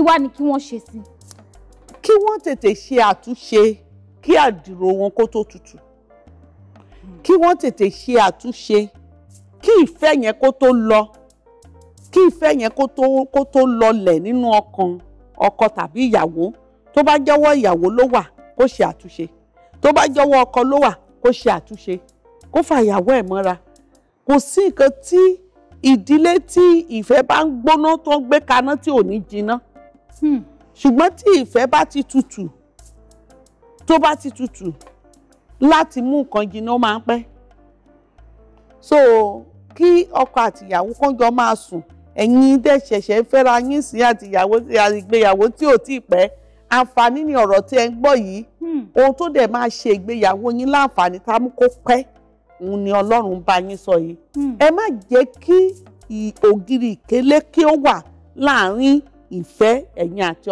kí wá ni kí wọ́n ṣe sí. kí wọ́n tètè ṣe àtúnṣe kí àdìrò wọn kó tó tutù kí wọ́n tètè ṣe àtúnṣe kí ìfẹ́ yẹn kó tó lọ kí ìfẹ́ yẹn kó tó kó tó lọlẹ̀ nínú ọkàn ọkọ tàbí ìyàwó tó bá jọwọ́ ìyàwó ló wà kó ṣe àtúnṣe tó bá jọwọ́ ọkọ ló wà kó ṣe àtúnṣe kó fa ìyàwó ẹ̀ mọ́ra kò sí nǹkan tí ìdílé tí ìfẹ́ bá ń gbóná tó ń gbé kaná tí ò ní jiná Hmm. ṣùgbọ́n tí ìfẹ́ bá ti tutù tó bá ti tutù láti mú nǹkan jìnnà ó máa ń pẹ́ so kí ọkọ àtìyàwó kan jọ máa sùn ẹ̀yin dẹ̀ ṣẹ̀ṣẹ̀ ń fẹ́ra yín sí àtìyàwó ìgbéyàwó tí ò tí ì pẹ́ àǹfààní ni ọ̀rọ̀ tí ẹ ń gbọ́ yìí hmm. ohun tó dẹ̀ máa ṣe ìgbéyàwó yín láǹfààní tá a mú kó pẹ́ òun ni ọlọ́run bá yín sọ yìí hmm. ẹ má jẹ́ kí ògiri ìkélé kí ó wà láàrin ìfẹ́ ẹ̀yin àti